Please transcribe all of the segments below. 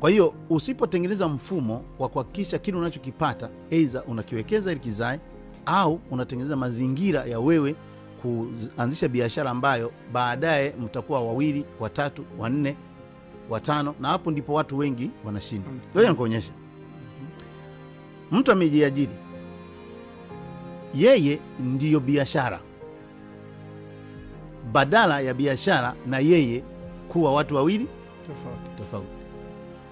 Kwa hiyo usipotengeneza mfumo wa kuhakikisha kile unachokipata aidha unakiwekeza ili kizae au unatengeneza mazingira ya wewe kuanzisha biashara ambayo baadaye mtakuwa wawili, watatu, wanne, watano, na hapo ndipo watu wengi wanashindwa. Mm-hmm. Ngoja nikuonyeshe mtu amejiajiri yeye ndiyo biashara, badala ya biashara na yeye kuwa watu wawili tofauti tofauti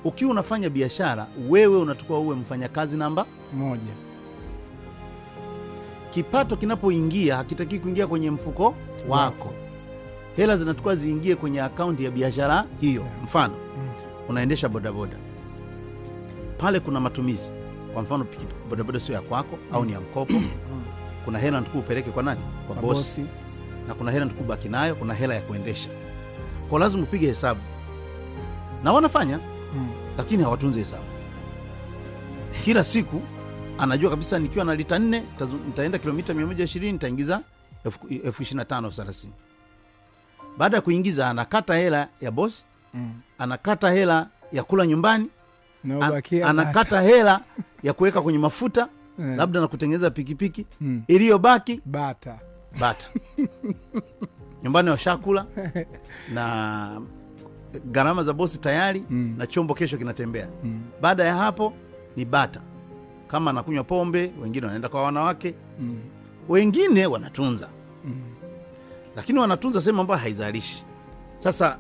ukiwa unafanya biashara wewe unatakiwa uwe mfanyakazi namba moja. Kipato kinapoingia hakitaki kuingia kwenye mfuko wako, hela zinatakiwa ziingie kwenye akaunti ya biashara hiyo. Mfano, unaendesha bodaboda pale, kuna matumizi. Kwa mfano, bodaboda sio ya kwako au ni ya mkopo kuna hela natukua upeleke kwa nani? Kwa bosi, na kuna hela natakiwa baki nayo, kuna hela ya kuendesha, kwa lazima upige hesabu na wanafanya lakini hawatunzi hesabu. Kila siku anajua kabisa nikiwa na lita nne nitaenda kilomita mia moja ishirini nitaingiza elfu ishirini na tano thelathini Baada ya kuingiza anakata hela ya bosi mm. anakata hela ya kula nyumbani no, an, anakata hela ya kuweka kwenye mafuta mm. labda na kutengeneza pikipiki mm. iliyobaki bata bata nyumbani washakula na gharama za bosi tayari mm. na chombo kesho kinatembea mm. baada ya hapo ni bata kama anakunywa pombe, wengine wanaenda kwa wanawake mm. wengine wanatunza mm. lakini wanatunza sehemu ambayo haizalishi. Sasa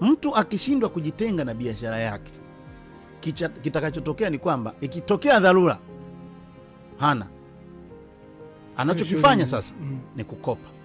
mtu akishindwa kujitenga na biashara yake, kitakachotokea ni kwamba ikitokea dharura hana anachokifanya sasa mm. ni kukopa